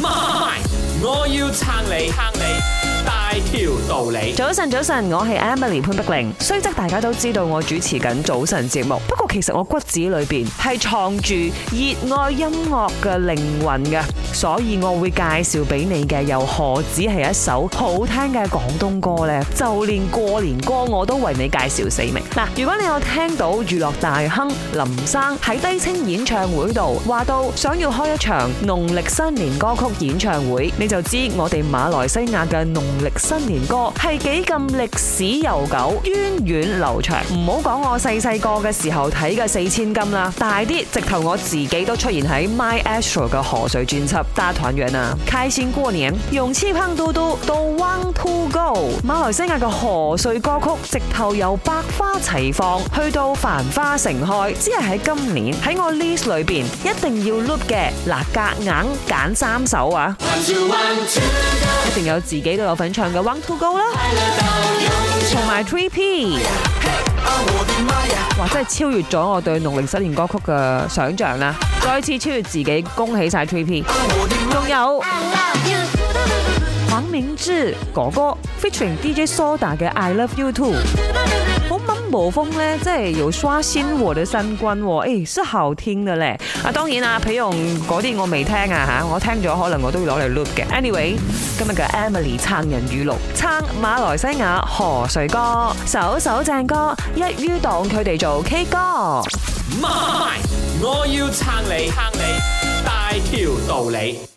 My. 我要撐你，撐你大條道理。早晨，早晨，我係 Emily 潘碧玲。雖則大家都知道我主持緊早晨節目，不過其實我骨子裏邊係藏住熱愛音樂嘅靈魂嘅。所以我會介紹俾你嘅又何止係一首好聽嘅廣東歌呢？就連過年歌我都為你介紹四名。嗱，如果你有聽到娛樂大亨林生喺低清演唱會度話到想要開一場農曆新年歌曲演唱會，你就知我哋馬來西亞嘅農曆新年歌係幾咁歷史悠久、源遠流長。唔好講我細細個嘅時候睇嘅《四千金》啦，大啲直頭我自己都出現喺 My Astro 嘅《賀歲》專輯。大團圓啊！開心過年，用氣烹嘟嘟到 One Two Go。馬來西亞嘅賀歲歌曲，直頭由百花齊放去到繁花盛開，只係喺今年喺我 list 裏邊一定要 look 嘅嗱，夾硬揀三首啊！One, two, one, two, 一定有自己都有份唱嘅 One Two Go 啦，同埋 Three P。Yeah. 哇！真係超越咗我對農曆新年歌曲嘅想象啦，再次超越自己，恭喜晒 Trippy，仲有 love 黃明志哥哥 featuring DJ Soda 嘅 I Love You Too。無風咧，即係要刷新我的三觀喎，誒，是好聽嘅咧。啊，當然啦譬如嗰啲我未聽啊吓，我聽咗可能我都會攞嚟 loop 嘅。Anyway，今日嘅 Emily 撐人語錄，撐馬來西亞何瑞歌，首首正歌，一於當佢哋做 K 歌。我要撐你，撐你，大條道理。